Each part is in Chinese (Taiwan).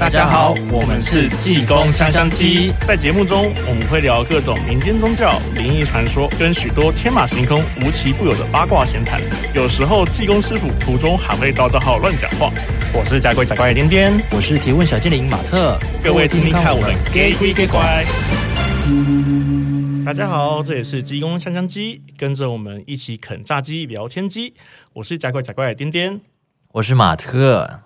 大家好，我們是濟公香香雞。在節目中，我們會聊各種民間宗教、靈異傳說，跟許多天馬行空、無奇不有的八卦閒談。有時候，濟公師傅途中還會到賬號亂講話。我是甲鬼甲怪的顛顛，我是提問小精靈馬特。各位聽聽看，我們甲鬼甲怪。大家好，這裡是濟公香香雞，跟着我們一起啃炸雞、聊天雞。我是甲鬼甲怪的顛顛，我是馬特。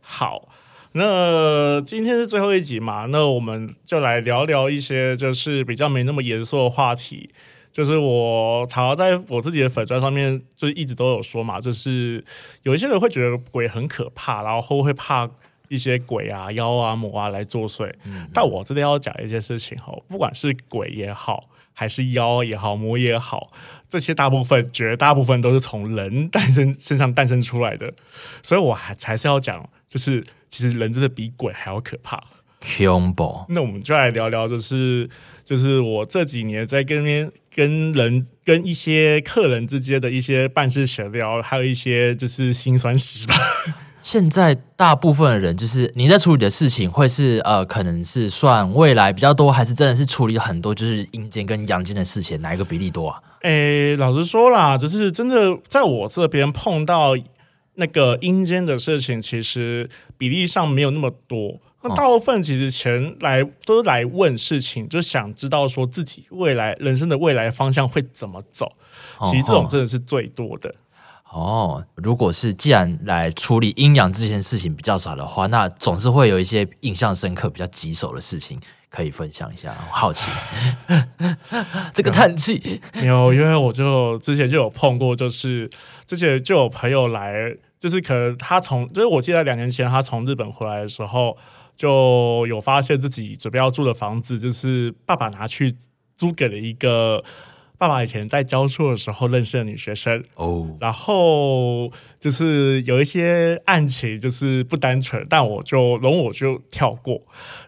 好。那今天是最後一集嘛，那我們就來聊聊一些就是比較沒那麼嚴肅的話題。就是我常常在我自己的粉專上面，就一直都有說嘛，就是有一些人會覺得鬼很可怕，然後會怕一些鬼啊、妖啊、魔啊來作祟。嗯嗯，但我這邊要講一些事情哦，不管是鬼也好，還是妖也好、魔也好，這些大部分絕大部分，都是從人誕生身上誕生出來的，所以我還才是要講，就是。其實人真的比鬼還要可怕。恐怖。那我們就來聊聊，就是就是我這幾年在跟跟人、跟一些客人之間的一些辦事閒聊，還有一些就是辛酸史吧。現在大部分的人，就是你在處理的事情，會是呃，可能是算未來比較多，還是真的是處理很多就是陰間跟陽間的事情，哪一個比例多啊？誒，老實說啦，就是真的在我這邊碰到。那個陰間的事情，其實比例上沒有那麼多。那大部分其實前來、哦、都是來問事情，就想知道說自己未來人生的未來方向會怎麼走、哦。其實這種真的是最多的。哦，哦如果是既然來處理陰陽這件事情比較少的話，那總是會有一些印象深刻、比較棘手的事情可以分享一下。我好奇， 這個嘆氣、嗯，有、 哦，因為我就之前就有碰過，就是之前就有朋友來。就是可能他從，就是我記得兩年前他從日本回來的時候，就有發現自己準備要住的房子，就是爸爸拿去租給了一個爸爸以前在教書的時候認識的女學生哦。然後就是有一些案情就是不單純，但我就容我就跳過。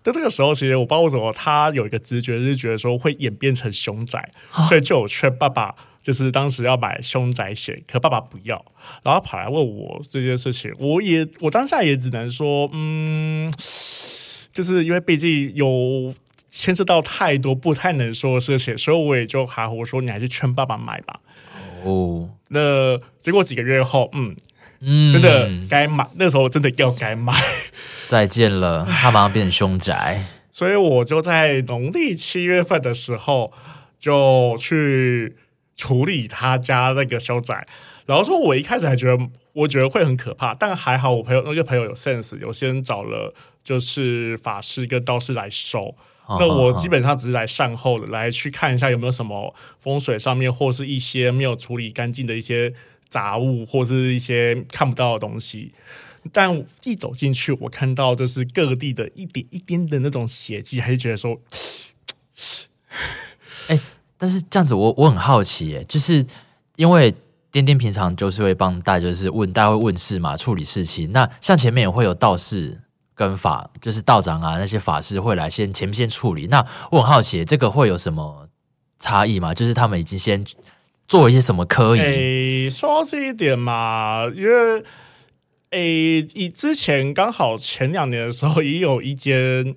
但那個時候，其實我不知道為什麼，他有一個直覺，就是覺得說會演變成凶宅，所以就我勸爸爸。就是當時要買凶宅險，可爸爸不要，然後他跑來問我這件事情，我也，我當下也只能說，嗯，就是因為畢竟有牽涉到太多不太能說的事情，所以我也就含糊說，你還是勸爸爸買吧。哦，那結果幾個月後，嗯嗯，真的該買，那時候真的要該買，再見了，他馬上變凶宅，所以我就在農曆七月份的時候就去，處理他家那個凶宅，然後說，我一開始還覺得，我覺得會很可怕，但還好，我朋友那個朋友有 sense，有先找了就是法師跟道士來收。好好好，那我基本上只是來善後的，來去看一下有沒有什麼風水上面或是一些沒有處理乾淨的一些雜物或是一些看不到的東西。但一走進去，我看到就是各地的一點一點的那種血跡，還是覺得說。但是這樣子我，我我很好奇，哎，就是因為顛顛平常就是會幫大家，就是問大家會問事嘛，處理事情。那像前面也會有道士跟法，就是道長啊那些法師會來先前面先處理。那我很好奇，這個會有什麼差異嗎？就是他們已經先做一些什麼科研。誒、欸，說到這一點嘛，因為誒，以、欸、之前剛好前兩年的時候，也有一間。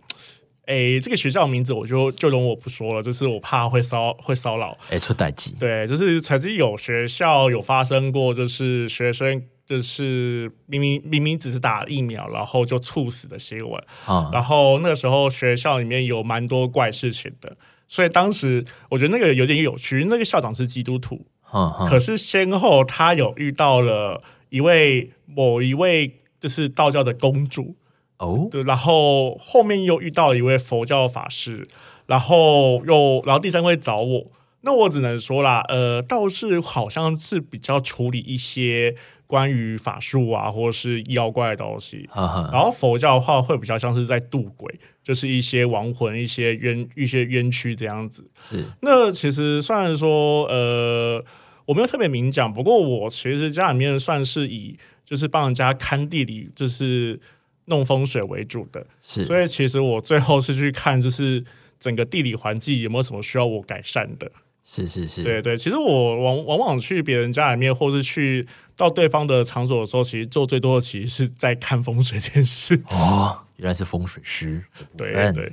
哎，這個學校名字我就就容我不說了，就是我怕會騷會騷擾。哎，出代誌。對，就是曾經有學校有發生過，就是學生就是明明明明只是打疫苗，然後就猝死的新聞，嗯。然後那個時候學校裡面有蠻多怪事情的，所以當時我覺得那個有點有趣。那個校長是基督徒，嗯嗯，可是先後他有遇到了一位某一位就是道教的公主。哦、oh?，對，然後後面又遇到了一位佛教法師，然後又然後第三位找我，那我只能說啦，呃，倒是好像是比較處理一些關於法術啊，或者是妖怪的東西，uh -huh. 然後佛教的話會比較像是在渡鬼，就是一些亡魂、一些冤、一些冤屈這樣子。是，那其實雖然說呃我沒有特別明講，不過我其實家裡面算是以就是幫人家看地理，就是。弄風水為主的，是，所以其實我最後是去看，就是整個地理環境有沒有什麼需要我改善的。是是是，對對，其實我往往往去別人家裡面，或是去到對方的場所的時候，其實做最多的，其實是在看風水這件事。哦，原來是風水師。對、啊、對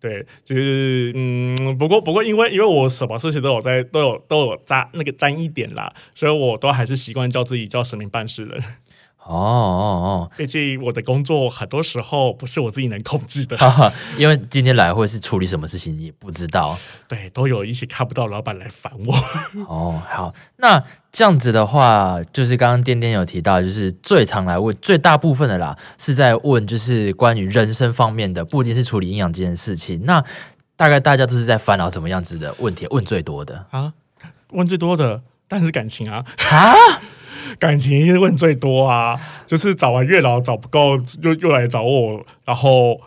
對，其實嗯，不過不過，因為因為我什麼事情都有在都有都有沾那個沾一點啦，所以我都還是習慣叫自己叫神明辦事人。哦哦哦！畢竟我的工作很多時候不是我自己能控制的 ，因為今天來會是處理什麼事情你也不知道 。對，都有一些看不到老闆來煩我。哦，好，那這樣子的話，就是剛剛顛顛有提到，就是最常來問、最大部分的啦，是在問就是關於人生方面的，不一定是處理營養這件事情。那大概大家都是在煩惱什麼樣子的問題？問最多的啊？問最多的當然是感情啊！啊？感情問最多啊，就是找完月老找不夠，又又來找我，然後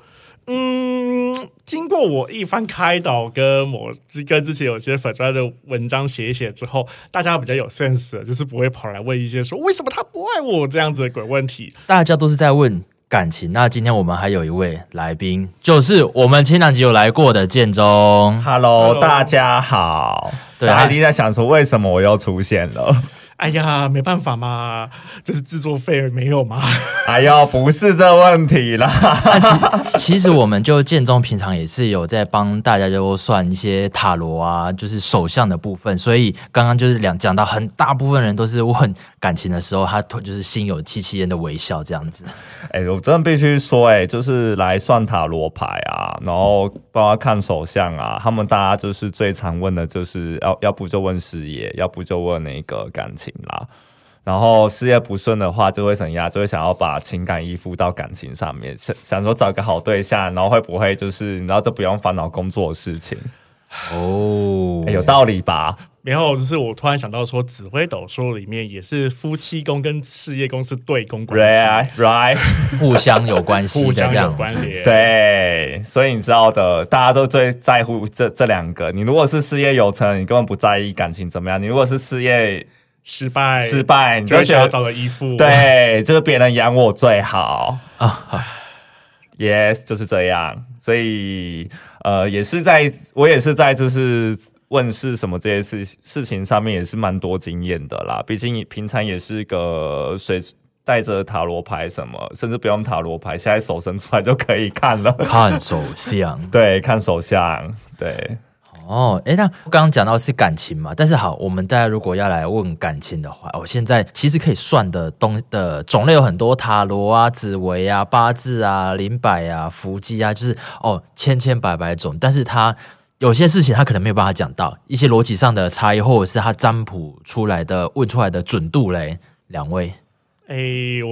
嗯，經過我一番開導，跟我跟之前有些粉專的文章寫一寫之後，大家比較有 sense，就是不會跑來問一些說為什麼他不愛我這樣子的鬼問題。大家都是在問感情，那今天我們還有一位來賓，就是我們前兩集有來過的建中。Hello，Hello。大家好。對，還一直在想說為什麼我又出現了。哎呀，沒辦法嘛，就是製作費沒有嘛。 哎呀，不是這問題啦。 啊、其實，其實我們就建中平常也是有在幫大家就算一些塔羅啊，就是手相的部分。所以剛剛就是兩講到很大部分人都是問感情的時候，他就是心有戚戚焉的微笑這樣子。哎、欸，我真的必須說、欸，哎，就是來算塔羅牌啊，然後幫他看手相啊。他們大家就是最常問的就是要要不就問事業，要不就問那個感情啦，然後事業不順的話，就會怎樣？就會想要把情感依附到感情上面，想想說找個好對象，然後會不會就是，然後就不用煩惱工作的事情？哦、欸，有道理吧？然後就是我突然想到說，紫微斗數裡面也是夫妻宮跟事業宮是對宮關係，right，, right? 互相有關係，互相有關聯。對，所以你知道的，大家都最在乎這這兩個。你如果是事業有成，你根本不在意感情怎麼樣；你如果是事業，失敗，失敗，你就想要找個依附。對，就是別人養我最好啊。 Yes，就是這樣。所以，呃，也是在，我也是在，就是問事什麼這些事事情上面，也是蠻多經驗的啦。畢竟，平常也是個隨帶着塔羅牌什麼，甚至不用塔羅牌，現在手伸出來就可以看了，看手相， 相。對，看手相。對。哦，哎，那剛剛講到是感情嘛，但是好，我們大家如果要來問感情的話，我、哦、現在其實可以算的東的種類有很多，塔羅啊、紫微啊、八字啊、靈擺啊、扶乩啊，就是哦千千百百種，但是他有些事情他可能沒有辦法講到一些邏輯上的差異，或者是他占卜出來的問出來的準度嘞，兩位。哎，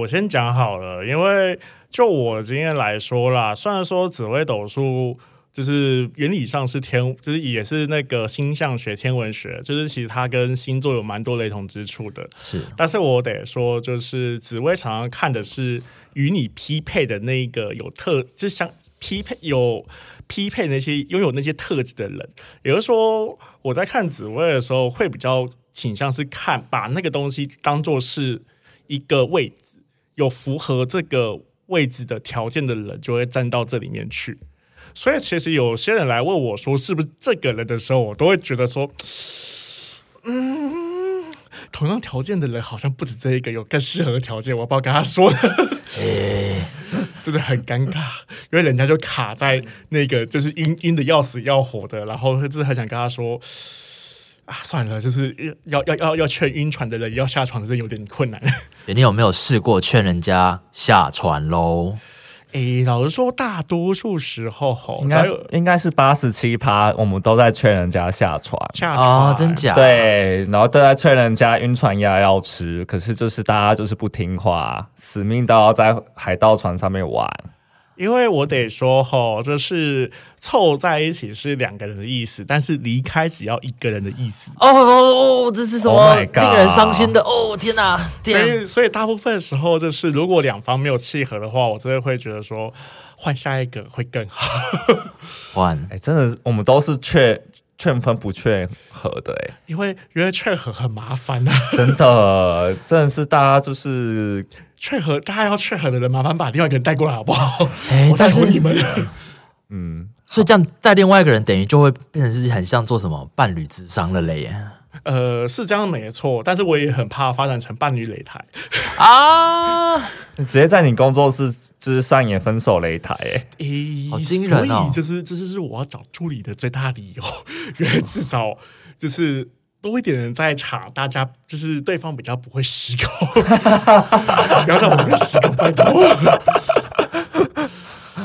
我先講好了，因為就我經驗來說啦，雖然說紫微斗數。就是原理上是天，就是也是那個星象學、天文學，就是其實它跟星座有蠻多雷同之處的。是，但是我得說，就是紫微常常看的是與你匹配的那一個有特，就像匹配有匹配那些擁有那些特質的人。也就是說，我在看紫微的時候，會比較傾向是看把那個東西當做是一個位置，有符合這個位置的條件的人，就會站到這裡面去。所以其實有些人來問我，說是不是這個人的時候，我都會覺得說，嗯，同樣條件的人好像不止這一個，有更適合的條件，我要不要跟他說，欸、 真的很尷尬，因為人家就卡在那個就是暈暈的要死要活的，然後就是很想跟他說，啊，算了，就是要要要要勸暈船的人要下船的有點困難。你有沒有試過勸人家下船嘍？誒，老實說，大多數時候吼，應該應該是八十七趴，我們都在勸人家下船，下船，哦，真假？對，然後都在勸人家暈船藥要吃，可是就是大家就是不聽話，死命都要在海盜船上面玩。因為我得說哈、哦，就是湊在一起是兩個人的意思，但是離開只要一個人的意思。哦、oh, oh,，oh, oh, 這是什麼令人傷心的哦、oh oh,！天哪，所以所以大部分的時候就是，如果兩方沒有契合的話，我真的會覺得說，換下一個會更好。換 哎、欸，真的，我們都是勸勸分不勸合的哎、欸，因為因為勸合很，很麻煩、啊、 真的真的是大家就是。確和，大家要確和的人，麻煩把另外一個人帶過來，好不好？欸、我帶過你們了。嗯，所以這樣帶另外一個人，等於就會變成自己很像做什麼伴侶諮商了嘞。呃，是這樣沒錯，但是我也很怕發展成伴侶擂台啊！ 你直接在你工作室就是上演分手擂台，欸，哎、欸，好驚人啊、哦！所以、就是，這、就是是我要找助理的最大的理由，因為至少就是。嗯多一點人在場，大家就是對方比較不會失控，不要讓我們失控太多。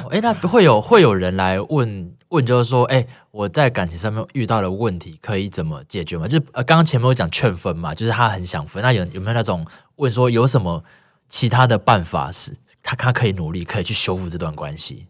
哎，那會有會有人來問問，就是說，哎、欸，我在感情上面遇到的問題，可以怎麼解決嗎？就是呃，剛剛前面有講勸分嘛，就是他很想分。那有有沒有那種問說，有什麼其他的辦法是他他可以努力，可以去修復這段關係？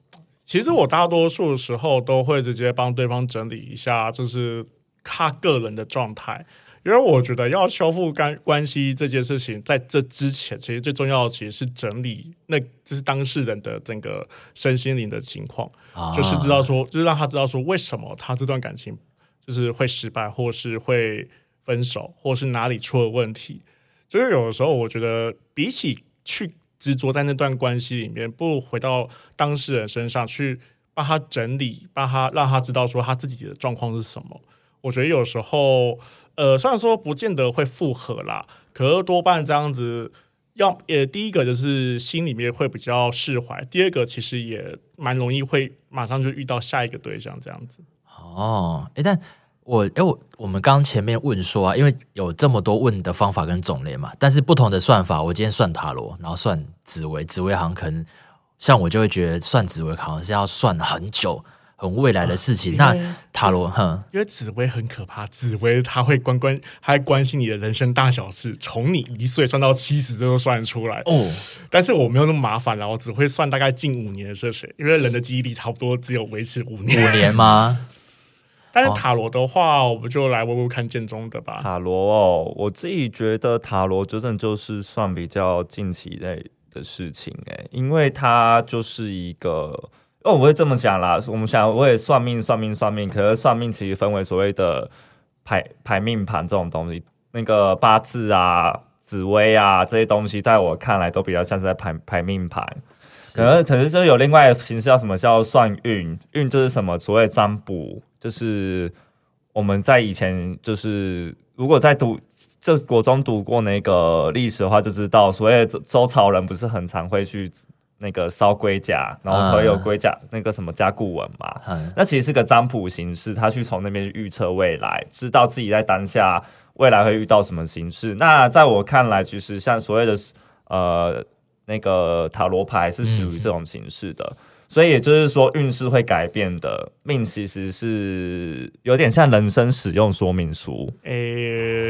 其實我大多數時候都會直接幫對方整理一下，就是。他個人的狀態，因為我覺得要修復跟關係這件事情，在這之前，其實最重要的其實是整理，那就是當事人的整個身心靈的情況，就是知道說，就是讓他知道說，為什麼他這段感情就是會失敗，或是會分手，或是哪裡出了問題。就是有的時候，我覺得比起去執着在那段關係裡面，不如回到當事人身上去幫他整理，幫他讓他知道說他自己的狀況是什麼。我覺得有時候，呃，雖然說不見得會複合啦，可是多半這樣子要，要也第一個就是心裡面會比較釋懷，第二個其實也蠻容易會馬上就遇到下一個對象這樣子。哦，欸、但我、欸、我我們剛前面問說啊，因為有這麼多問的方法跟種類嘛，但是不同的算法，我今天算塔羅，然後算紫微，紫微行可能像我就會覺得算紫微好像是要算很久。從未來的事情，啊、那塔羅哈，因為紫微很可怕，紫微她會關、關，她會關心你的人生大小事，從你一歲算到七十都算得出來哦。但是我沒有那麼麻煩啦，我只會算大概近五年的這些，因為人的記憶力差不多只有維持五年，五年嗎？ 但是塔羅的話，哦、我們就來問問看建中的吧。塔羅哦，我自己覺得塔羅真的就是算比較近期類的事情哎，因為它就是一個。哦，我會這麼想啦。我們想，我也算命，算命，算命。可能算命其實分為所謂的排排命盤這種東西，那個八字啊、紫微啊這些東西，在我看來都比較像是在排排命盤。可能可能就有另外的形式叫什麼叫算運，運就是什麼所謂占卜，就是我們在以前就是如果在讀這國中讀過那個歷史的話，就知道所謂周周朝人不是很常會去。那個燒龜甲，然後才有龜甲、uh, 那個什麼甲骨文嘛，uh. 那其實是個占卜形式，他去從那邊預測未來，知道自己在當下未來會遇到什麼形式。那在我看來，其實像所謂的呃那個塔羅牌是屬於這種形式的。 所以也就是說，運勢會改變的命其實是有點像人生使用說明書。呃、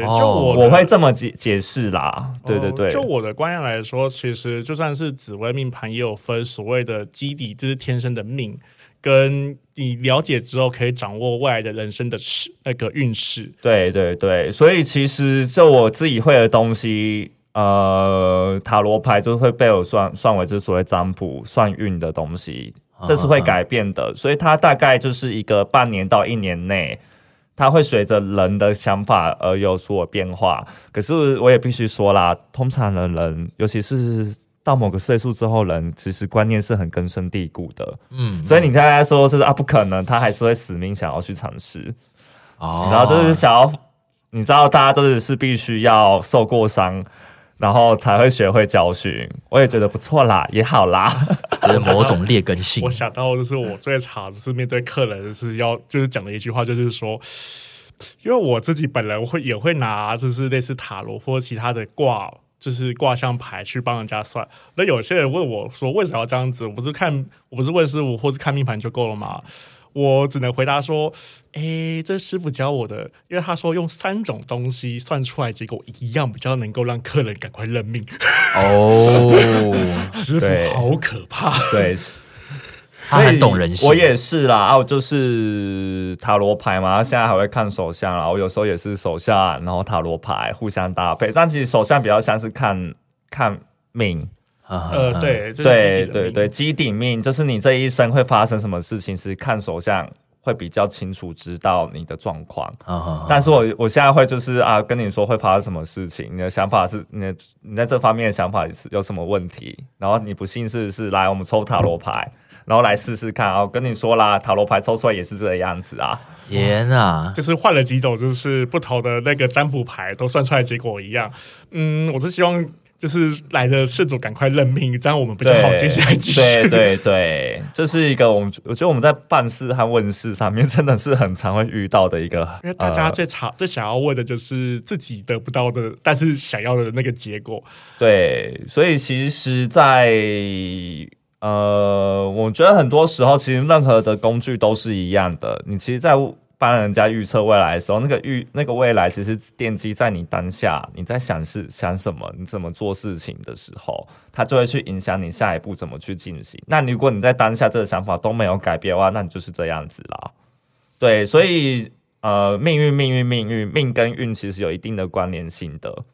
欸，就我、oh, 我會這麼解解釋啦、嗯，對對對。就我的觀念來說，其實就算是紫微命盤，也有分所謂的基底，就是天生的命，跟你了解之後可以掌握未來的人生的那個運勢。對對對，所以其實就我自己會的東西。呃，塔羅牌就會被我算算為是所謂占卜算運的東西，這是會改變的，uh -huh. 所以它大概就是一個半年到一年內，它會隨着人的想法而有所有變化。可是我也必須說啦，通常的人，尤其是到某個歲數之後人，人其實觀念是很根深蒂固的。嗯、uh -huh.，所以你大家說是啊，不可能，他還是會死命想要去嘗試，哦、uh -huh.，然後就是想要，你知道，大家真的是必須要受過傷。然後才會學會教訓，我也覺得不錯啦，也好啦，有 某種劣根性我。我想到就是我最常就是面對客人是要就是講的一句話，就是說，因為我自己本來會也會拿就是類似塔羅或其他的卦就是卦象牌去幫人家算。那有些人問我說，為什麼要這樣子？我不是看，我不是問師父，或是看命盤就夠了嘛？我只能回答說，哎，這師傅教我的，因為他說用三種東西算出來結果一樣，比較能夠讓客人趕快認命。哦， 師傅好可怕，對，對，他很懂人性。我也是啦，然、啊、後就是塔羅牌嘛，現在還會看手相啦，然後有時候也是手相，然後塔羅牌互相搭配。但其實手相比較像是看看命。呃，對，就對對對，基底命就是你這一生會發生什麼事情，是看手相會比較清楚知道你的狀況。嗯、但是我我現在會就是啊，跟你說會發生什麼事情，你的想法是，你的你在這方面的想法是有什麼問題？然後你不信是是來我們抽塔羅牌，然後來試試看啊。我跟你說啦，塔羅牌抽出來也是這個樣子啊。天吶、嗯，就是換了幾種，就是不同的那個占卜牌都算出來的結果一樣。嗯，我是希望。就是來的事主，趕快認命，這樣我們不就好接下去。對對對，這 是一個我們我覺得我們在辦事和問事上面真的是很常會遇到的一個，因為大家最常、呃、最想要問的就是自己得不到的，但是想要的那個結果。對，所以其實在，在呃，我覺得很多時候，其實任何的工具都是一樣的。你其實，在。幫人家預測未來的時候，那個預那個未來其實奠基在你當下，你在想事、想什麼，你怎麼做事情的時候，它就會去影響你下一步怎麼去進行。那如果你在當下這個想法都沒有改變的話，那你就是這樣子了。對，所以呃，命運、命運、命運、命跟運其實有一定的關聯性的。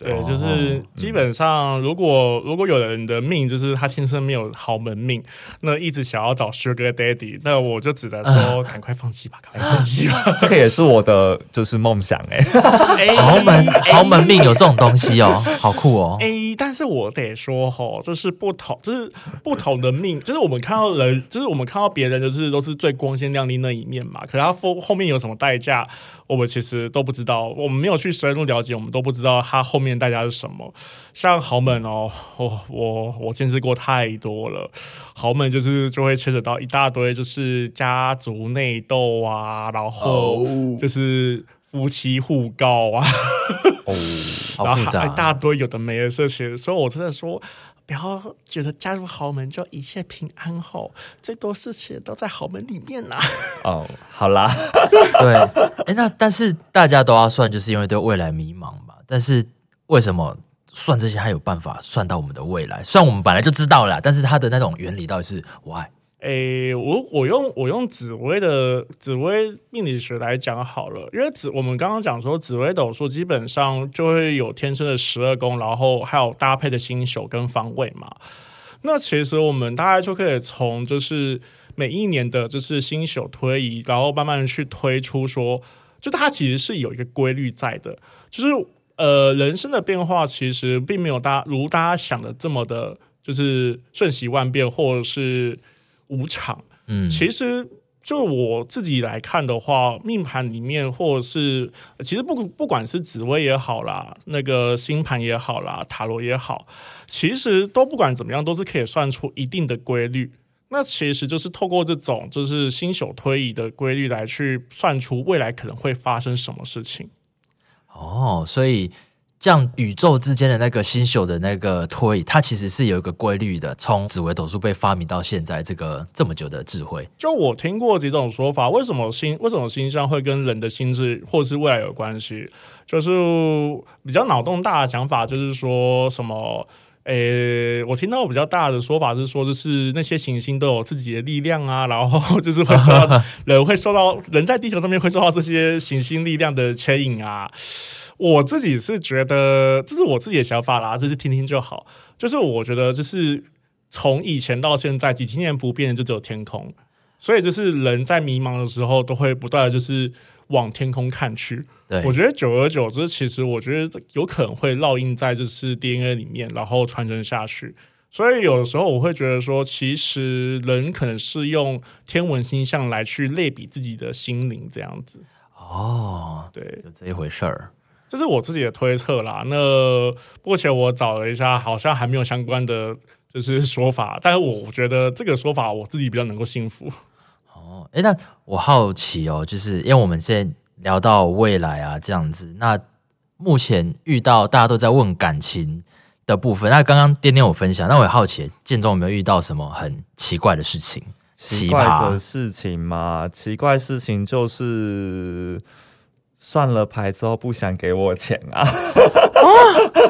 對、哦，就是基本上，如果、嗯、如果有人的命就是他天生沒有豪門命，那一直想要找 Sugar Daddy，那我就只能說趕快放棄吧，呃，趕快放棄吧。這個也是我的就是夢想哎，、欸， 豪門， 豪門、豪門命有這種東西哦， 好酷哦。欸，但是我得說哈、哦，就是不同，就是不同的命，就是我們看到人，就是我們看到別人，就是都是最光鮮亮麗那一面嘛。可是他後後面有什麼代價？我們其實都不知道，我們沒有去深入了解，我們都不知道他後面代價是什麼。像豪門哦，我我我見識過太多了。豪門就是就會牽扯到一大堆，就是家族內鬥啊，然後就是夫妻互告啊，哦、oh. ，oh. 好複、啊、然後還一大堆有的沒的事情。所以我真的說。然後覺得加入豪門就一切平安後，最多事情都在豪門裡面吶。哦、oh,，好啦， 對。誒，那但是大家都要算，就是因為對未來迷茫嘛。但是為什麼算這些還有辦法算到我們的未來？雖然我們本來就知道啦。但是它的那種原理到底是我愛。Why? 誒、欸，我我用我用紫微的紫微命理學來講好了，因為紫我們剛剛講說紫微斗數基本上就會有天生的十二宮，然後還有搭配的星宿跟方位嘛。那其實我們大家就可以從就是每一年的就是星宿推移，然後慢慢去推出說，就它其實是有一個規律在的，就是呃人生的變化其實並沒有大如大家想的這麼的，就是瞬息萬變，或者是。五場，其實就我自己來看的話，命盤裡面或者是其實不不管是紫微也好啦，那個星盤也好啦，塔羅也好，其實都不管怎麼樣，都是可以算出一定的規律。那其實就是透過這種就是星宿推移的規律來去算出未來可能會發生什麼事情。哦，所以。像宇宙之間的那個星宿的那個推，它其實是有一個規律的。從紫微斗數被發明到現在，這個這麼久的智慧，就我聽過幾種說法。為什麼星為什麼星象會跟人的心智或是未來有關係？就是比較腦洞大的想法，就是說什麼？誒，我聽到比較大的說法就是說，就是那些行星都有自己的力量啊，然後就是會說 人會受到人在地球上面會受到這些行星力量的牽引啊。我自己是覺得，這是我自己的想法啦，就是聽聽就好。就是我覺得，就是從以前到現在，幾千年不變的，就只有天空。所以，就是人在迷茫的時候，都會不斷地就是往天空看去。我覺得久而久之，其實我覺得有可能會烙印在就是 DNA 裡面，然後傳承下去。所以，有的時候我會覺得說，其實人可能是用天文星象來去類比自己的心靈，這樣子。哦、oh，對，就這一回事兒。這、就是我自己的推測啦。那目前我找了一下，好像還沒有相關的就是說法。但是我覺得這個說法我自己比較能夠信服。哦，哎，那我好奇哦，就是因為我們現在聊到未來啊，這樣子。那目前遇到大家都在問感情的部分，那剛剛顛顛我分享，那我也好奇，建中有沒有遇到什麼很奇怪的事情？奇怪的事情嘛，奇，奇怪事情就是。算了牌之後不想給我錢啊， 啊！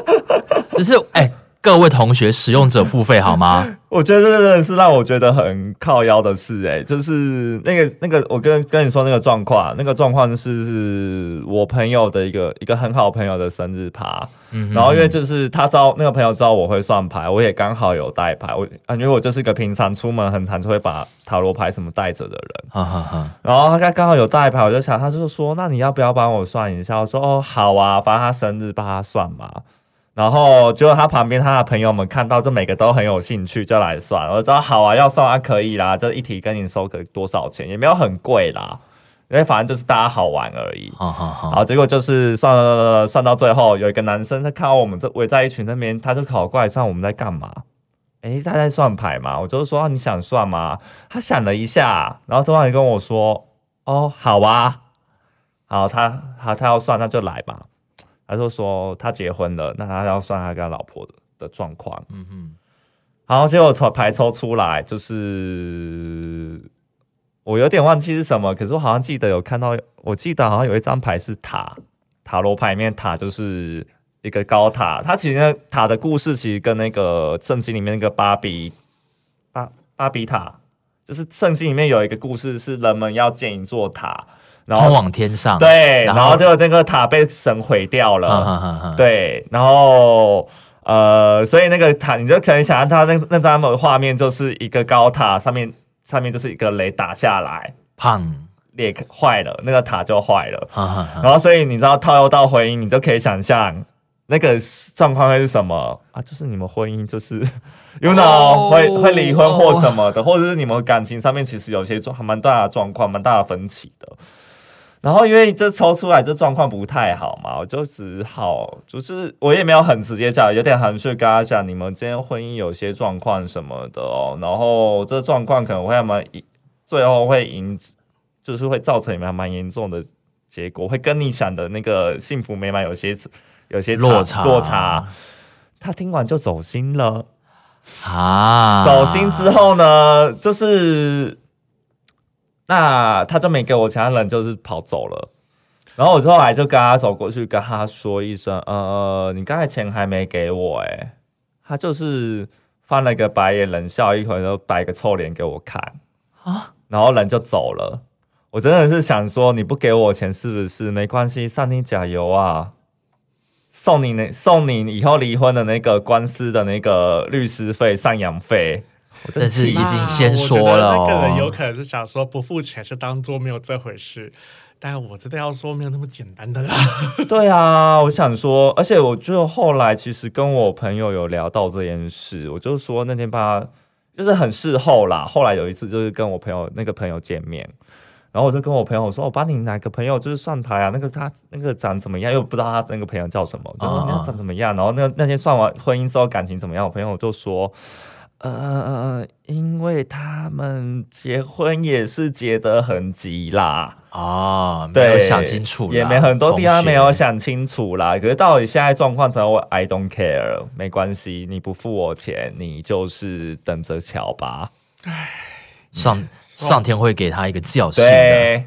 只是，哎。欸各位同學，使用者付費好嗎？ 我覺得真的是讓我覺得很靠腰的事誒、欸，就是那個那個，我跟跟你說那個狀況，那個狀況就是、是我朋友的一個一個很好朋友的生日趴，嗯，嗯，然後因為就是他招那個朋友知道我會算牌，我也剛好有帶牌，我感覺我就是一個平常出門很常就會把塔羅牌什麼帶着的人，哈哈哈。然後他剛剛好有帶牌，我就想，他就說，那你要不要幫我算一下？我說，哦，好啊，反正他生日幫他算嘛。然後就他旁邊他的朋友們看到，就每個都很有興趣，就來算。我說好啊，要算啊可以啦，這一題跟你收個多少錢也沒有很貴啦，因為反正就是大家好玩而已。好，好，好，好，結果就是算了算到最後，有一個男生在看到我們這圍在一群那邊，他就跑過來算我們在幹嘛。誒，他在算牌嘛。我就是說，啊，你想算嗎？他想了一下，然後突然間跟我說：“哦，好啊，好，他他他要算，那就來吧。”他就說，說他結婚了，那他要算他跟他老婆的狀況。嗯哼，然後結果從牌抽出來，就是我有點忘記是什麼，可是我好像記得有看到，我記得好像有一張牌是塔，塔羅牌裡面塔就是一個高塔。它其實那塔的故事其實跟那個聖經裡面那個巴比巴巴比塔，就是聖經裡面有一個故事，是人們要建一座塔。然後通往天上，對然，然後就那個塔被神毀掉了， 對，然後呃，所以那個塔，你就可能想象他那那張的畫面，就是一個高塔上面，上面就是一個雷打下來，砰，裂開壞了，那個塔就壞了， 然後所以你知道套用到婚姻，你就可以想象那個狀況會是什麼啊？就是你們婚姻就是 you know，oh, 會會離婚或什麼的，oh. 或者是你們感情上面其實有些狀還蠻大的狀況，蠻大的分歧的。然後因為這抽出來這狀況不太好嘛，我就只好就是我也沒有很直接講，有點含蓄跟他講，你們今天婚姻有些狀況什麼的哦。然後這狀況可能會什麼，最後會引，就是會造成你們蠻，蠻嚴重的結果，會跟你想的那個幸福美滿有些有些差落差。落差。他聽完就走心了啊！走心之後呢，就是。那他就沒給我錢，他人就是跑走了。然後我之後來就跟他走過去，跟他說一聲：“呃，你剛才錢還沒給我哎、欸。”他就是翻了個白眼，冷笑一回，然後擺個臭臉給我看啊。然後人就走了。我真的是想說，你不給我錢是不是？沒關係，上你加油啊！送你那送你以後離婚的那個官司的那個律師費、贍養費。但是已經先說了、哦、那個人有可能是想說不付錢就當做沒有這回事，但我真的要說沒有那麼簡單的啦。 對啊，我想說，而且我就後來其實跟我朋友有聊到這件事，我就說那天吧，就是很事後啦。後來有一次就是跟我朋友那個朋友見面，然後我就跟我朋友說：“我幫你哪個朋友就是算他呀、啊？那個他那個長怎麼樣？又不知道他那個朋友叫什麼？就說長怎麼樣？嗯嗯，然後那那天算完婚姻之後感情怎麼樣？我朋友就說。”呃，因為他們結婚也是結得很急啦，哦，沒有想清楚，也沒很多地方沒有想清楚啦。可是到底現在狀況怎樣？我 I don't care，沒關係，你不付我錢，你就是等着瞧吧。哎，上上天會給他一個教訓的。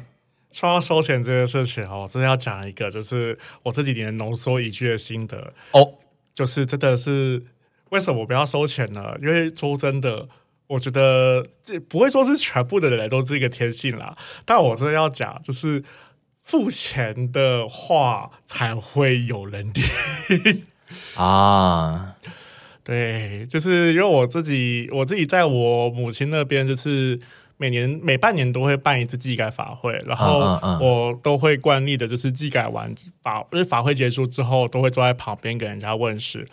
說到收錢這件事情哦，我真的要講一個，就是我這幾年濃縮一句的心得哦，就是真的是。為什麼我不要收錢呢？因為說真的，我覺得這不會說是全部的人都是一個天性啦。但我真的要講，就是付錢的話才會有人聽 啊。對，就是因為我自己，我自己在我母親那邊就是。每年每半年都會辦一次祭改法會，然後我都會慣例的就是祭改完法，就是法會結束之後，都會坐在旁邊給人家問事。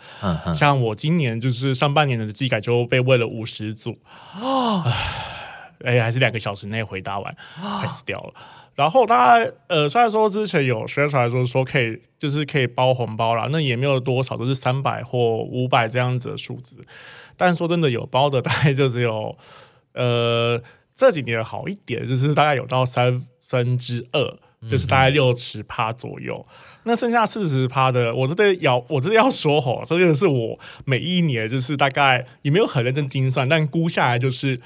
像我今年就是上半年的祭改就被問了五十組哎，還是兩個小時內回答完，快死掉了。然後他呃，雖然說之前有宣傳說說可以，就是可以包紅包了，那也沒有多少，都，就是三百或五百這樣子的數字。但說真的，有包的大概就只有呃。這幾年的好一點，就是大概有到三分之二，就是大概六十趴左右，嗯。那剩下四十趴的，我真的要我真的要說吼，這個是我每一年就是大概也沒有很認真精算，但估下來就是。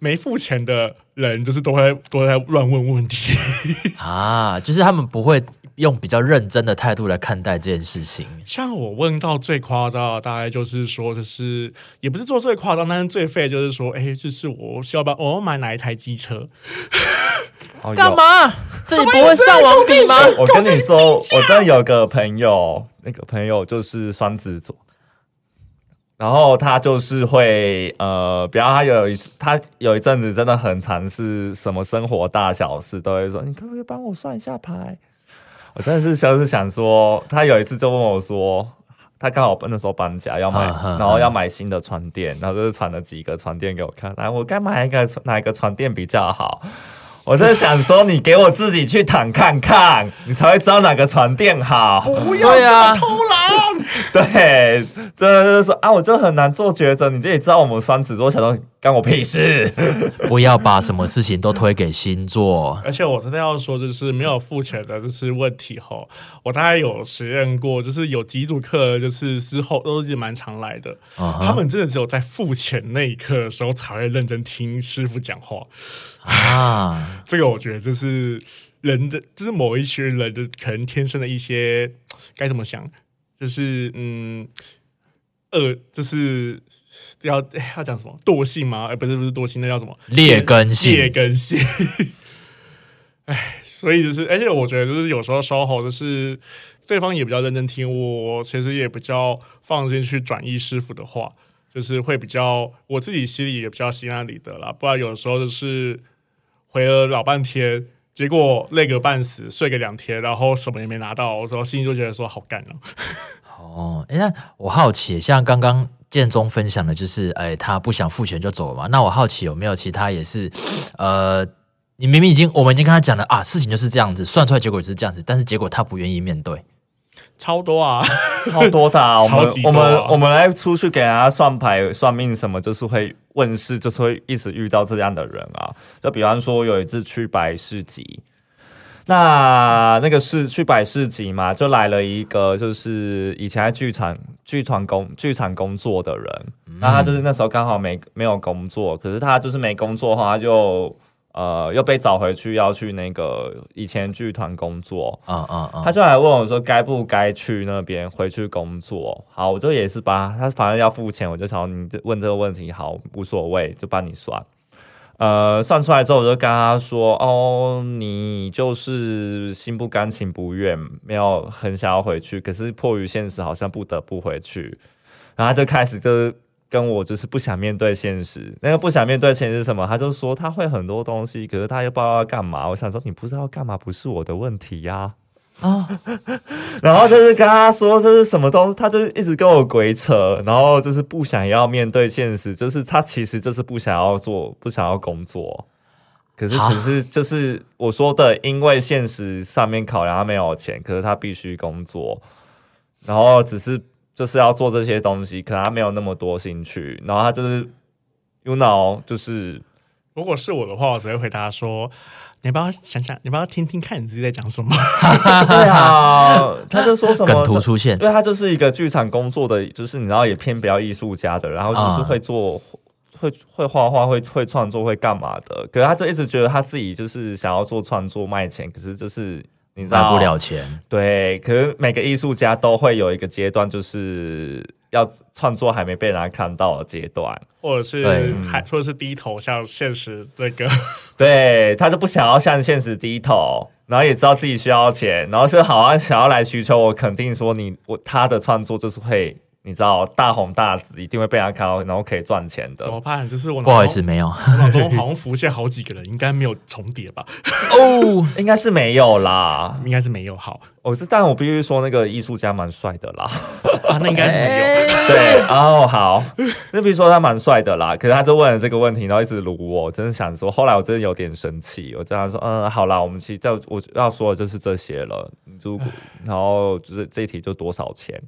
沒付錢的人就是都在都在亂問問題啊，就是他們不會用比較認真的態度來看待這件事情。像我問到最誇張，大概就是說這是，就是也不是做最誇張，但是最廢就是說，哎、欸，就是我需要把我要買哪一台機車、 哦？幹嘛？這你不會上網幣嗎、啊？我跟你說，我跟有個朋友，那個朋友就是雙子座。然後他就是會，呃，比方他有一他有一陣子真的很常是，什麼生活大小事都會說，你可不可以幫我算一下牌？我真的是就是想說，他有一次就問我說，他剛好那時候搬家要買、啊啊啊，然後要買新的床墊，然後就是傳了幾個床墊給我看，來，我該買一個哪一個床墊比較好？ 我就是想說，你給我自己去躺看看， 你才會知道哪個床墊好。不要這麼偷懶。 對，真的就是說啊，我就很難做抉擇。你這裡知道我們雙子座想到干我屁事， 不要把什麼事情都推給星座。 而且我真的要說，就是沒有付錢的就是問題吼，我大概有實驗過，就是有幾組客，就是之後都是蠻常來的，uh -huh. 他們真的只有在付錢那一刻的時候才會認真聽師傅講話。啊，這個我覺得就是人的，就是某一群人的可能天生的一些該怎麼想，就是嗯，呃，就是要、哎，要講什麼惰性嗎？哎，不是不是惰性，那叫什麼？劣根性。劣根性。 哎，所以就是，而且我覺得就是有時候稍候，就是對方也比較認真聽我，我其實也比較放心去轉移師傅的話，就是會比較我自己心裡也比較心安理得啦。不然有時候就是。回了老半天，結果累個半死，睡個兩天，然後什麼也沒拿到。我說，心就覺得說好幹了哦。哦，誒，那我好奇，像剛剛建宗分享的，就是哎，他不想付錢就走了嘛？那我好奇有沒有其他也是，呃，你明明已經我們已經跟他講了啊，事情就是這樣子，算出來結果也是這樣子，但是結果他不願意面對。超多啊， 超多的，我們超級、啊、我們我們來出去給人家算牌、算命什麼，就是會問事，就是會一直遇到這樣的人啊。就比方說，有一次去擺市集，那那個是去擺市集嘛，就來了一個，就是以前在劇場、劇團工、劇場工作的人。嗯、那他就是那時候剛好沒沒有工作，可是他就是沒工作的話，他就。呃，又被找回去，要去那個以前劇團工作啊啊啊！Uh, uh, uh. 他就來問我說，該不該去那邊回去工作？好，我就也是吧。他反正要付錢，我就想你問這個問題好，好無所謂，就幫你算。呃，算出來之後，我就跟他說，哦，你就是心不甘情不願，沒有很想要回去，可是迫於現實，好像不得不回去。然後他就開始就是。跟我就是不想面對現實，那個不想面對現實是什麼？他就說他會很多東西，可是他又不知道要幹嘛。我想說你不知道幹嘛不是我的問題呀啊！ 然後就是跟他說這是什麼東西，他就一直跟我鬼扯。然後就是不想要面對現實，就是他其實就是不想要做，不想要工作。可是只是就是我說的，因為現實上面考量他沒有錢，可是他必須工作，然後只是。就是要做這些東西，可能他沒有那麼多興趣，然後他就是有腦，you know, 就是如果是我的話，我直接回答說：“你要不要想想，你要不要聽聽看你自己在講什麼。 ”對啊，他就說什麼？梗圖出現，因為他就是一個劇場工作的，就是你知道，然後也偏比較藝術家的，然後就是會做、會會畫畫、會畫畫會創作、會幹嘛的。可是他就一直覺得他自己就是想要做創作賣錢，可是就是。賺不了錢，對。可是每個藝術家都會有一個階段，就是要創作還沒被人家看到的階段，或者是還，嗯、或者是低頭向現實這個。對，他就不想要向現實低頭，然後也知道自己需要錢，然後是好啊，想要來需求，我肯定說你，我他的創作就是會。你知道大紅大紫，一定會被他看到，然後可以賺錢的。怎麼辦？就是問，不好意思，沒有。 我腦中好像浮現好幾個人，應該沒有重疊吧？ 哦，應該是沒有啦，應該是沒有。好，我、哦、這但我必須說那個藝術家蠻帥的啦。啊、那應該是沒有。欸、對、欸、哦，好，那比如說他蠻帥的啦，可是他就問了這個問題，然後一直盧我，我真的想說，後來我真的有點生氣，我這樣說，嗯，好啦，我們其實在我要說的就是這些了就。然後就是這一題就多少錢？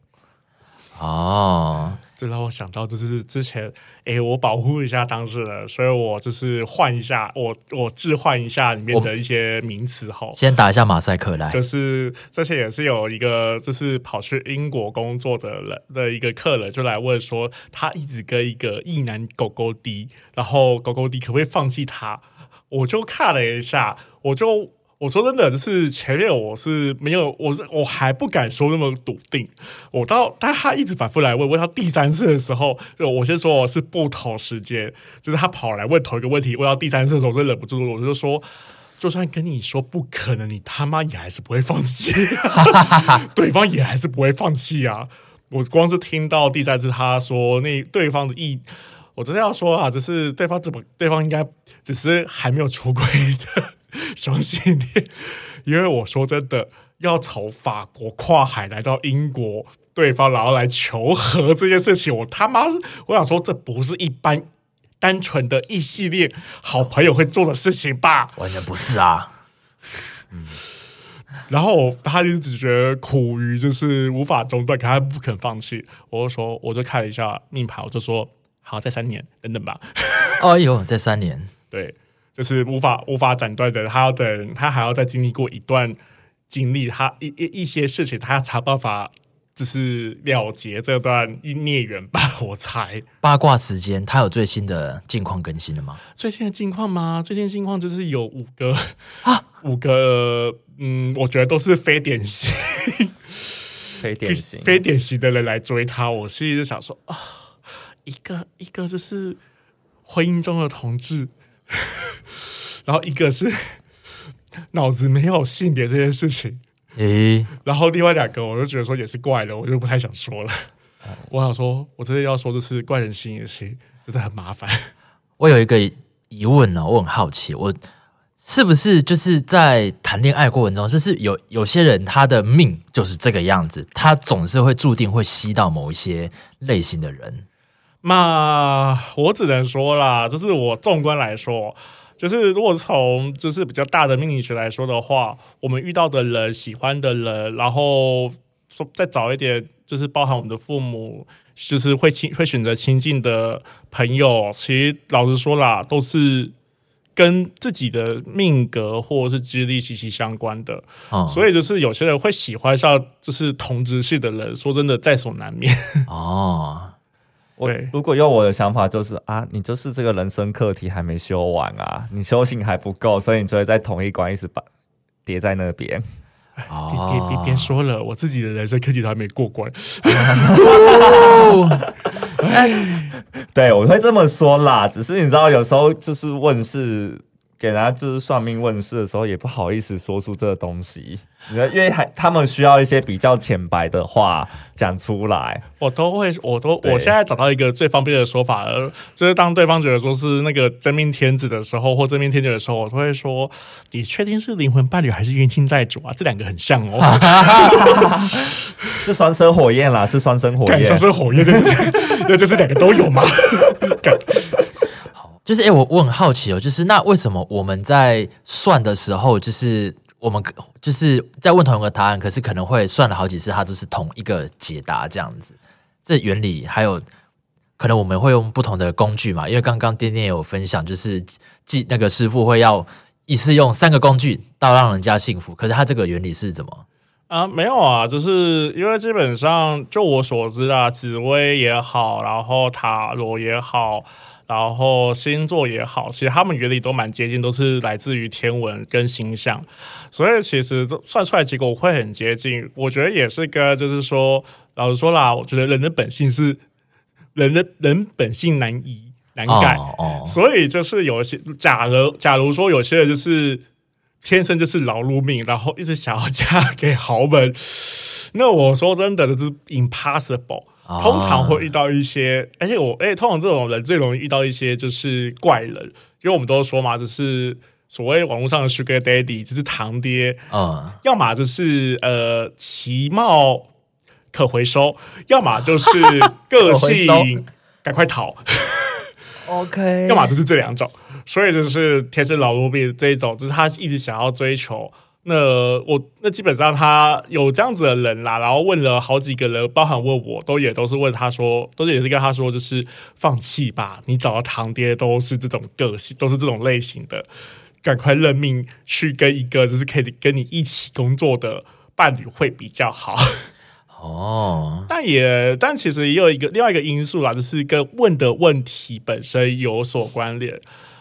哦，這讓我想到就是之前，哎、欸，我保護一下當事人，所以我就是換一下，我我置換一下裡面的一些名詞哈。先打一下馬賽克來，就是之前也是有一個就是跑去英國工作的人的一個客人就來問說，他一直跟一個異男狗狗滴，然後狗狗滴可不可以放棄他？我就看了一下，我就。我說真的，就是前面我是沒有，我是我還不敢說那麼篤定。我到，但他一直反覆來問，問他第三次的時候，就我先說我是不投時間。就是他跑來問同一個問題，問到第三次的時候，我就忍不住了，我就說，就算跟你說不可能，你他媽也還是不會放棄， 對方也還是不會放棄啊！我光是聽到第三次他說那對方的意，我真的要說啊，就是對方怎麼，對方應該只是還沒有出軌的。雙性戀，因為我說真的，要從法國跨海來到英國，對方然後來求和這件事情，我他媽，我想說這不是一般單純的一系列好朋友會做的事情吧？完全不是啊。嗯，然後他就只覺得苦於就是無法中斷，可他不肯放棄。我就說，我就看了一下命盤，我就說，好，再三年，等等吧。哎呦，再三年，對。就是無法無法斬斷的，他要等，他還要再經歷過一段經歷，他一一一些事情，他才辦法就是了結這段孽緣吧，我猜。八卦時間，他有最新的近況更新了嗎？最新的近況嗎？最近近況就是有五個啊，五個嗯，我覺得都是非典型，非典型非典型的人來追他，我心裡就想說啊，一個一個就是婚姻中的同志。 然後一個是腦子沒有性別這件事情，誒，然後另外兩個我就覺得說也是怪的，我就不太想說了。我想說，我真的要說，就是怪人心也是真的很麻煩。我有一個疑問呢？哦，我很好奇，我是不是就是在談戀愛過程中，就是有有些人他的命就是這個樣子，他總是會注定會吸到某一些類型的人。那我只能說啦，就是我縱觀來說，就是如果從就是比較大的命理學來說的話，我們遇到的人、喜歡的人，然後說再早一點，就是包含我們的父母，就是會親會選擇親近的朋友。其實老實說啦，都是跟自己的命格或者是資歷息息相關的。嗯、所以就是有些人會喜歡上就是同職系的人，說真的，在所難免哦。 我如果用我的想法，就是啊，你就是這個人生課題還沒修完啊，你修行還不夠，所以你就會在同一關一直把疊在那邊。別別別別說了，我自己的人生課題都還沒過關。 對，我會這麼說啦，只是你知道，有時候就是問事。給人家就是算命問事的時候，也不好意思說出這個東西，你知道因為還他們需要一些比較淺白的話講出來。 我都會，我都，我現在找到一個最方便的說法，就是當對方覺得說是那個真命天子的時候，或真命天女的時候，我都會說：“你確定是靈魂伴侶還是冤親債主啊？這兩個很像哦， 是雙生火焰啦，是雙生火焰，雙生火焰，不那、就是、 就是兩個都有嘛。就是哎，我我很好奇哦、喔，就是那為什麼我們在算的時候，就是我們就是在問同一個答案，可是可能會算了好幾次，它都是同一個解答這樣子。這原理還有可能我們會用不同的工具嘛？因為剛剛顛顛有分享，就是記那個師傅會要一次用三個工具到讓人家幸福。可是他這個原理是怎麼啊？沒有啊，就是因為基本上就我所知啊，紫微也好，然後塔羅也好。然後星座也好，其實他們原理都蠻接近，都是來自於天文跟星象，所以其實都算出來結果會很接近。我覺得也是跟，個，就是說老實說啦，我覺得人的本性是人的人本性難移難改，oh, oh. 所以就是有些假如假如說有些人就是天生就是勞碌命，然後一直想要嫁給豪門，那我說真的就是 impossible。通常會遇到一些，而、oh. 且、欸、我，哎、欸，通常這種人最容易遇到一些就是怪人，因為我們都說嘛，就是所謂網絡上的 “Sugar Daddy”，是、oh. 就是堂爹啊，要麼就是呃其貌可回收，要麼就是個性 趕快逃 ，OK，要麼就是這兩種，所以就是天生勞碌命這一種，就是他一直想要追求。那我那基本上他有這樣子的人啦，然後問了好幾個人，包含問我，都也都是問他說，都是也是跟他說，就是放棄吧，你找到堂爹都是這種個性，都是這種類型的，趕快認命去跟一個就是可以跟你一起工作的伴侶會比較好哦。Oh. 但也但其實也有一個另外一個因素啦，就是跟問的問題本身有所關聯。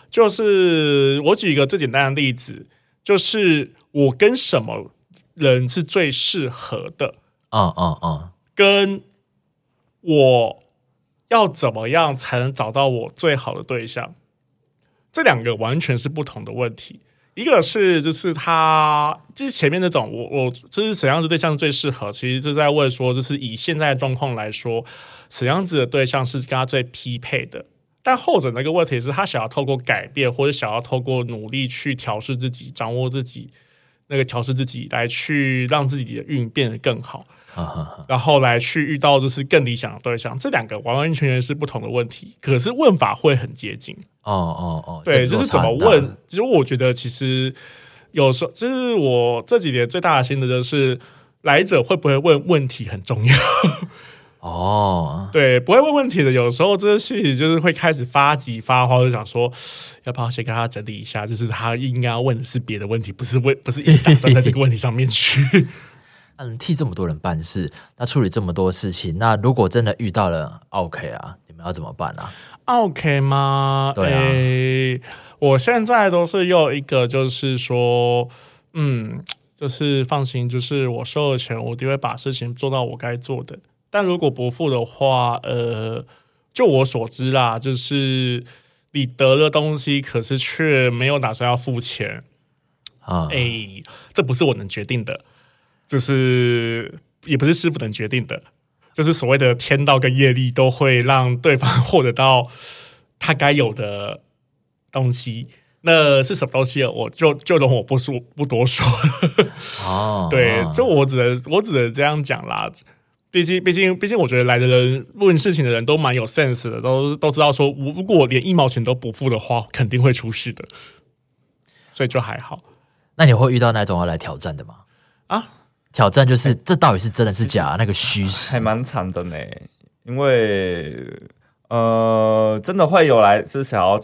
就是我舉一個最簡單的例子，就是。我跟什麼人是最適合的？啊啊啊！跟我要怎麼樣才能找到我最好的對象？這兩個完全是不同的問題。一個是就是他就是前面那種我我就是怎樣子對象最適合？其實就在問說，就是以現在的狀況來說，怎樣子的對象是跟他最匹配的？但後者那個問題是他想要透過改變，或者想要透過努力去調適自己，掌握自己。那個調適自己，來去讓自己的運變得更好，然後來去遇到就是更理想的對象，這兩個完完全全是不同的問題，可是問法會很接近。哦哦哦，對，就是怎麼問。其實我覺得，其實有時候就是我這幾年最大的心得就是，來者會不會問問題很重要。 哦、oh,，對，不會問問題的，有時候這些事情就是會開始發急發慌，就想說要不要先跟他整理一下。就是他應該要問的是別的問題，不是問，不是一打算在這個問題上面去。嗯、 啊，替這麼多人辦事，那處理這麼多事情，那如果真的遇到了 OK 啊，你們要怎麼辦呢、啊、？OK 嗎？對、啊欸、我現在都是用一個，就是說，嗯，就是放心，就是我收了錢，我就會把事情做到我該做的。但如果不付的話，呃，就我所知啦，就是你得了東西，可是卻沒有打算要付錢啊。哎、欸，這不是我能決定的，就是也不是師傅能決定的，就是所謂的天道跟業力都會讓對方獲得到他該有的東西。那是什麼東西啊？我就就容我不說不多說 啊。對，就我只能我只能這樣講啦。畢竟，畢竟，畢竟，我覺得來的人問事情的人都蠻有 sense 的，都都知道說我，如果連一毛錢都不付的話，肯定會出事的，所以就還好。那你會遇到那種要來挑戰的嗎？啊，挑戰就是、欸、這到底是真的是假、啊欸？那個虛實還蠻慘的呢，因為呃，真的會有來是想要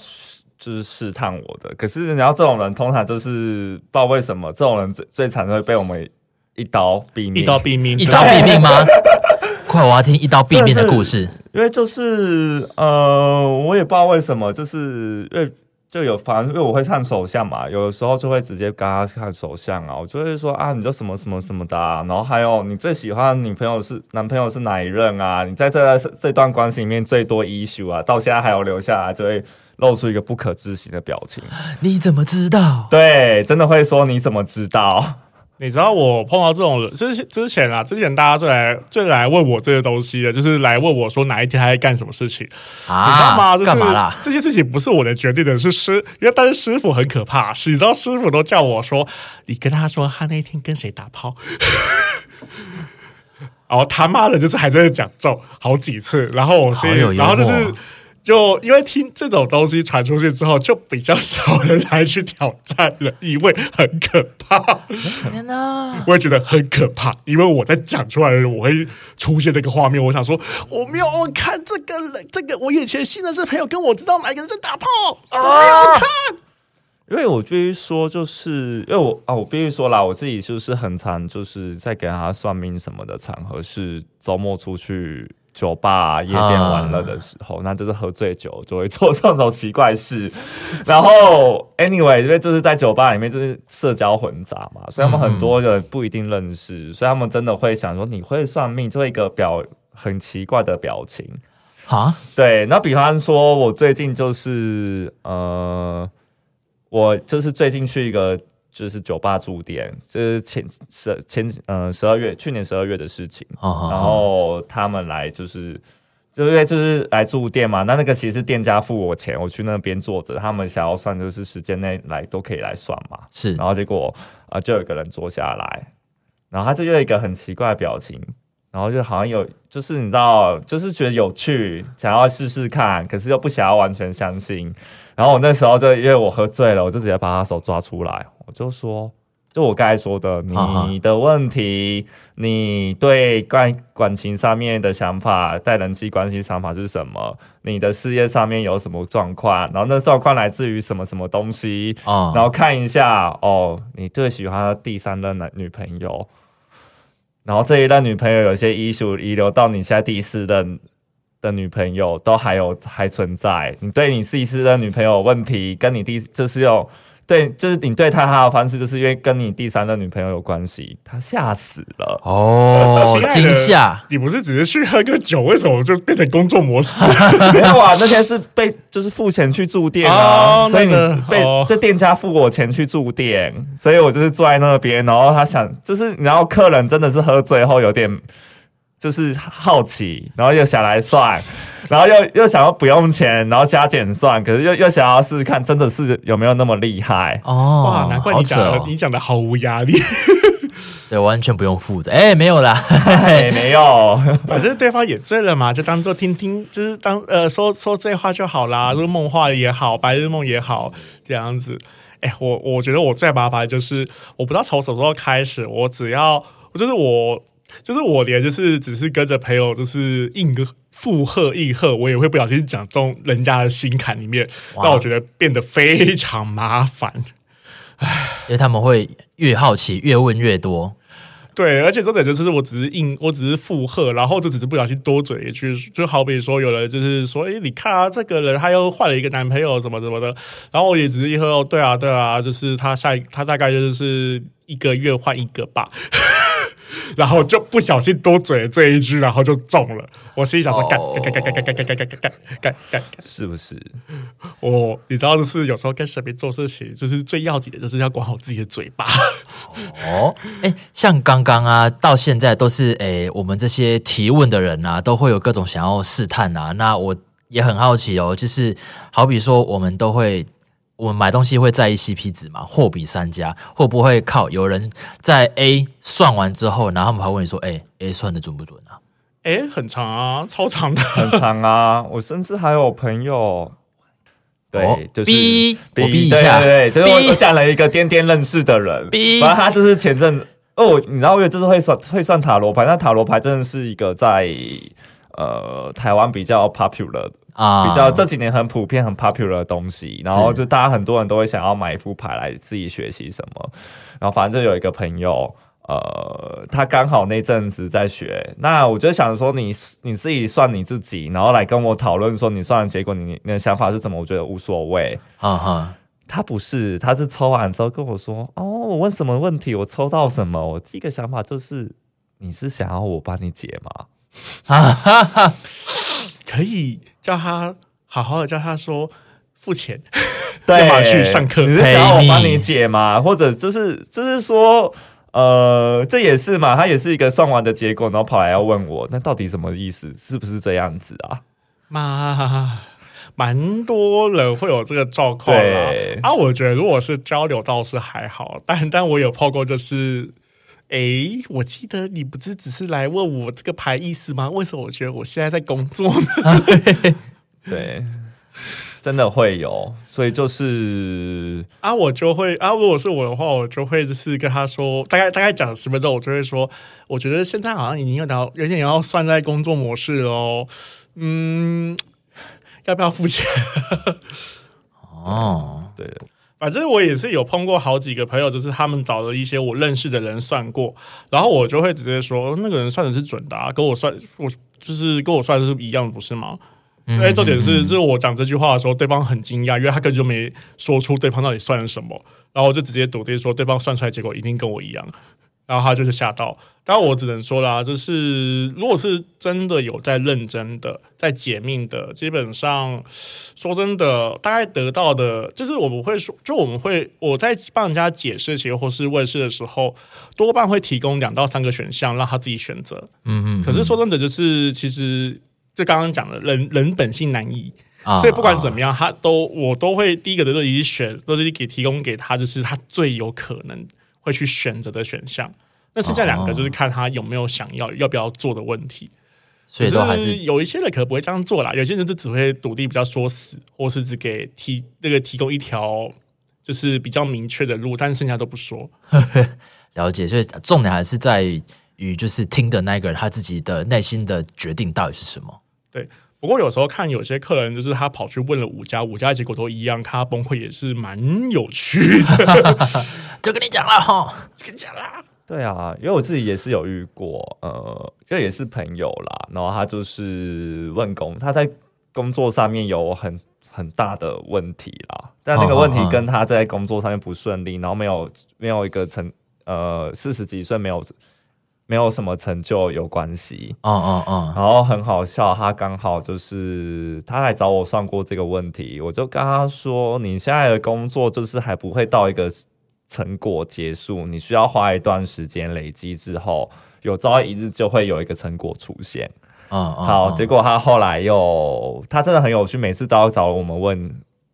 就是試探我的，可是你知道這種人通常就是不知道為什麼這種人最最慘的會被我們。一刀斃命，一刀斃命，一刀斃命嗎？ 快，我要聽一刀斃命的故事。因為就是呃，我也不知道為什麼，就是因為就有反，反正因為我會看手相嘛，有的時候就會直接跟他看手相啊，我就會說啊，你就什麼什麼什麼的，啊。然後還有你最喜歡女朋友是男朋友是哪一任啊？你在這在這段關係裡面最多 issue 啊，到現在還有留下來，就會露出一個不可置信的表情。你怎麼知道？對，真的會說你怎麼知道？你知道我碰到這種人，之之前啊，之前大家最來最來問我這些東西的，就是來問我說哪一天他在幹什麼事情啊？你知道嗎？幹嘛啦？這些事情不是我的決定的，是師，因為當時師傅很可怕，你知道，師傅都叫我說，你跟他說他那一天跟誰打炮，然 後 他媽的，就是還在那講咒好幾次，然後我，然後就是。就因為聽這種東西傳出去之後，就比較少人來去挑戰了，因為很可怕。天哪！我也覺得很可怕，因為我在講出來的時候，我會出現那個畫面。我想說，我沒有看這個人，這個我以前信任這朋友跟我知道哪個人在打炮，我沒有看。因為我必須說，就是因為我啊，我必須說啦，我自己就是很常就是在給他算命什麼的場合，是週末出去。酒吧夜店玩了的時候、啊，那就是喝醉酒就會做這種奇怪事。然後，anyway，因為就是在酒吧裡面，就是社交混雜嘛，所以他們很多人不一定認識，嗯、所以他們真的會想說：“你會算命？”做一個表很奇怪的表情哈、啊，對，那比方說，我最近就是呃，我就是最近去一個。就是酒吧駐店，這、就是前十前嗯十二月去年十二月的事情。Oh, 然後他們來就是，就是因為就是來住店嘛。那那個其實是店家付我錢，我去那邊坐着。他們想要算就是時間內來都可以來算嘛。是，然後結果啊、呃、就有一個人坐下來，然後他就有一個很奇怪的表情，然後就好像有就是你知道，就是覺得有趣，想要試試看，可是又不想要完全相信。然後我那時候就因為我喝醉了，我就直接把他手抓出來。我就說，就我剛才說的，你的問題，啊、啊、你對關感情上面的想法，在人際關係想法是什麼？你的事業上面有什麼狀況？然後那狀況來自於什麼什麼東西、啊？然後看一下，哦，你最喜歡的第三任男女朋友，然後這一任女朋友有些 issue 遺留到你現在第四任的女朋友都還有還存在。你對你第四任女朋友問題，跟你第就是有。對，就是你對他好的方式，就是因為跟你第三任女朋友有關係，他嚇死了哦，驚、嗯、嚇。你不是只是去喝個酒，為什麼就變成工作模式？ 沒有啊，那天是被就是付錢去住店啊，哦、所以你被這、哦、店家付我錢去住店，所以我就是坐在那邊，然後他想，就是然後客人真的是喝醉後有點。就是好奇，然後又想來算，然後又又想要不用錢，然後加減算，可是又又想要試試看，真的是有沒有那麼厲害哦？Oh, 哇，難怪你講、哦、你講的毫無壓力， 對，完全不用負責，哎、欸，沒有啦， 欸、沒有，反 正、啊就是、對方也醉了嘛，就當做聽聽，就是當呃說說醉話就好啦。入夢話也好，白日夢也好，這樣子。哎、欸，我我覺得我最麻煩的就是我不知道從什麼時候開始，我只要就是我。就是我連就是只是跟着朋友就是應個附和應和，我也會不小心講中人家的心坎裡面，那我覺得變得非常麻煩。唉，因為他們會越好奇越問越多，對，而且重點就是我只是應，我只是附和，然後就只是不小心多嘴一句，就好比說，有人就是說，哎、欸，你看啊，這個人他又換了一個男朋友，什麼什麼的，然後我也只是應和說，哦，對啊，對啊，就是他下一他大概就是一個月換一個吧。然後就不小心多嘴了這一句，然後就中了。我心裡想說，oh. 幹干干干干干干干干干干干干，是不是？哦，你知道就是，有時候跟神明做事情，就是最要緊的，就是要管好自己的嘴巴。哦，哎，像剛剛啊，到現在都是，哎、欸，我們這些提問的人啊，都會有各種想要試探啊。那我也很好奇哦，就是好比說，我們都會。我們買東西會在意 C P 值嗎？貨比三家，會不會靠有人在 A 算完之後，然後他們還會問你說：“哎、欸、，A 算的準不準啊？”哎、欸，很長啊，超長的，很長啊。我甚至還有朋友，對，哦、就是 B，B，對對,對 B, 就是我講了一個顛顛認識的人 B，反正他就是前陣哦，你知道我有就是會算會算塔羅牌，那塔羅牌真的是一個在呃台灣比較 popular 的。啊、uh，比較這幾年很普遍、很 popular 的東西，然後就大家很多人都會想要買一副牌來自己學習什麼，然後反正就有一個朋友，呃，他剛好那陣子在學，那我就想說你你自己算你自己，然後來跟我討論說你算的結果，你你的想法是什麼？我覺得無所謂啊哈。Uh-huh. 他不是，他是抽完之後跟我說，哦，我問什麼問題，我抽到什麼，我第一個想法就是你是想要我幫你解嗎？啊哈哈，可以。叫他好好的叫他說付錢，對， 去上課。你是想要我幫你解嗎？Hey、或者就是就是說，呃，這也是嘛，他也是一個算完的結果，然後跑來要問我，那到底什麼意思？是不是這樣子啊？嘛，蠻多人會有這個狀況啊。啊，我覺得如果是交流倒是還好，但但我有泡過就是。哎、欸，我記得你不是只是來問我這個牌意思嗎？為什麼我覺得我現在在工作呢？ 啊、對，真的會有，所以就是啊，我就會啊，如果是我的話，我就會就是跟他說，大概大概講十分鐘，我就會說，我覺得現在好像已經有點有點要算在工作模式嘍。嗯，要不要付錢？ 哦，對。對。反正我也是有碰過好幾個朋友，就是他們找的一些我認識的人算過，然後我就會直接說那個人算的是準的啊，跟我算我就是跟我算的是一樣的，不是嗎？哎、嗯嗯嗯，重點是，就是我講這句話的時候，對方很驚訝，因為他根本就沒說出對方到底算了什麼，然後我就直接篤定說，對方算出來結果一定跟我一樣。然後他就是嚇到，然後我只能說啦，就是如果是真的有在認真的在解命的，基本上說真的，大概得到的，就是我們會說，就我們會我在幫人家解釋或或是問事的時候，多半會提供兩到三個選項讓他自己選擇。嗯哼嗯，可是說真的，就是其實就剛剛講的，人人本性難移，啊、所以不管怎麼樣，他都我都會第一個的都已經選，都已經給提供給他，就是他最有可能。會去選擇的選項，那剩下兩個就是看他有沒有想要、uh -huh. 要不要做的問題。所以說，還是有一些人可能不會這樣做啦，有些人就只會篤定比較說死，或是只給提那個提供一條就是比較明確的路，但是剩下都不說。 了解，所以重點還是在於就是聽的那個人他自己的內心的決定到底是什麼？對。不過有時候看有些客人，就是他跑去問了五家，五家結果都一樣，看他崩潰也是蠻有趣的。 就跟你講了哈，跟你講了。對啊，因為我自己也是有遇過，呃，就也是朋友啦。然後他就是問工，他在工作上面有很很大的問題啦。但那個問題跟他在工作上面不順利，然後沒有沒有一個成呃四十幾歲沒有沒有什麼成就有關係。哦哦哦，然後很好笑，他剛好就是他還找我算過這個問題，我就跟他說，你現在的工作就是還不會到一個成果結束，你需要花一段時間累積之後，有朝一日就會有一個成果出現。哦哦，好，結果他後來又他真的很有趣，每次都要找我們問，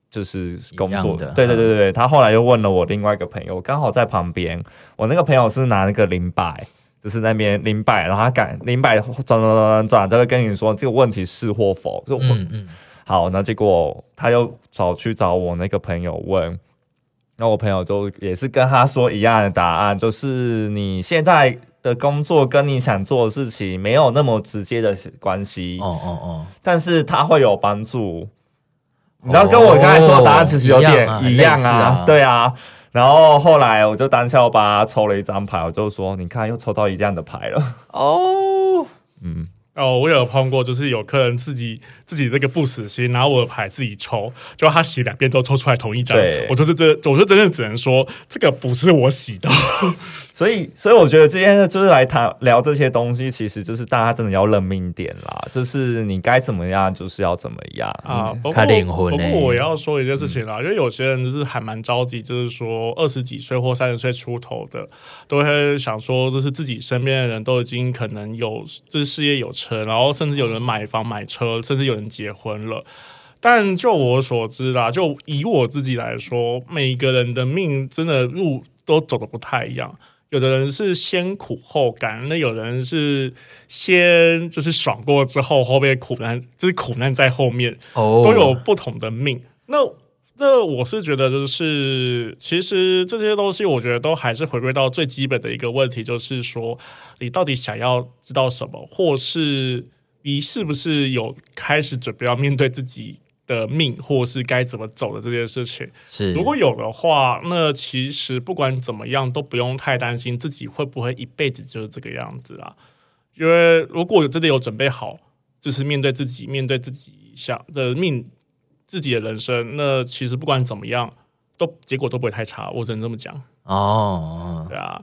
就是工作的，對對對對對，嗯，他後來又問了我另外一個朋友，剛好在旁邊，我那個朋友是拿那個靈擺。就是那邊靈擺，然後他趕靈擺轉轉轉轉轉，就會跟你說這個問題是或否。嗯嗯。好，那結果他又找去找我那個朋友問，那我朋友就也是跟他說一樣的答案，就是你現在的工作跟你想做的事情沒有那麼直接的關係。哦哦哦。但是他會有幫助，然、哦、後跟我剛才說的答案其實有點一樣，啊，一樣啊，啊，對啊。然後後來，我就單笑吧，抽了一張牌，我就說：“你看，又抽到一樣的牌了。”哦，嗯。哦，我也有碰過，就是有客人自己自己這個不死心，拿我的牌自己抽，就他洗兩遍都抽出來同一張，我就是這，我就真的只能說這個不是我洗的， 所以所以我覺得今天就是來談聊這些東西，其實就是大家真的要認命點啦，就是你該怎麼樣就是要怎麼樣、嗯、啊。不過不過我要說一件事情啦，因為有些人就是還蠻着急、嗯，就是說二十幾歲或三十歲出頭的都會想說，就是自己身邊的人都已經可能有這、就是、事業有成。車，然後甚至有人買房、買車，甚至有人結婚了。但就我所知啦、啊，就以我自己來說，每一個人的命真的路都走的不太一樣。有的人是先苦後甘，那有人是先就是爽過之後，後面苦難，就是苦難在後面，oh. 都有不同的命。那。那我是覺得，就是其實這些東西，我覺得都還是回歸到最基本的一個問題，就是說，你到底想要知道什麼，或是你是不是有開始準備要面對自己的命，或是該怎麼走的這件事情。是，如果有的話，那其實不管怎麼樣，都不用太擔心自己會不會一輩子就是這個樣子啊。因為如果有真的有準備好，就是面對自己，面對自己想的命。自己的人生，那其實不管怎麼樣，都結果都不會太差。我只能這麼講哦。Oh. 對啊，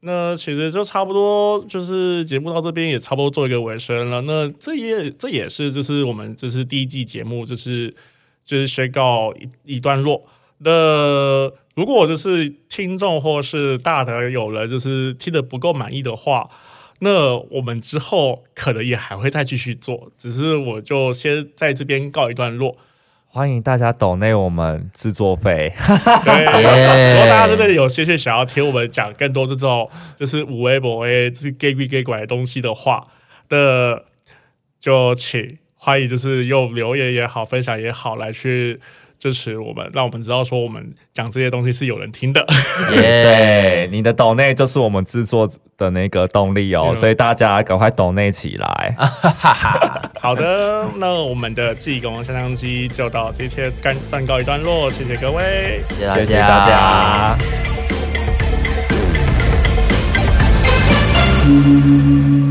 那其實就差不多，就是節目到這邊也差不多做一個尾聲了。那這也這也是就是我們就是第一季節目就是就是宣告一一段落。那如果就是聽眾或是大德有人就是聽得不夠滿意的話，那我們之後可能也還會再繼續做，只是我就先在這邊告一段落。歡迎大家抖內我們製作費，對、yeah，如果大家真的有興趣想要聽我們講更多這種就是五 A、博 A 就是甲鬼甲怪東西的話，那就請歡迎就是用留言也好，分享也好來去。支、就、持、是、我們，讓我們知道說我們講這些東西是有人聽的、yeah。 對，你的抖內就是我們制作的那個動力哦、喔，yeah. 所以大家趕快抖內起來。 好的， 那我們的甲鬼甲怪就到今天干暫告一段落，謝謝各位，謝謝大家。謝謝大家嗯。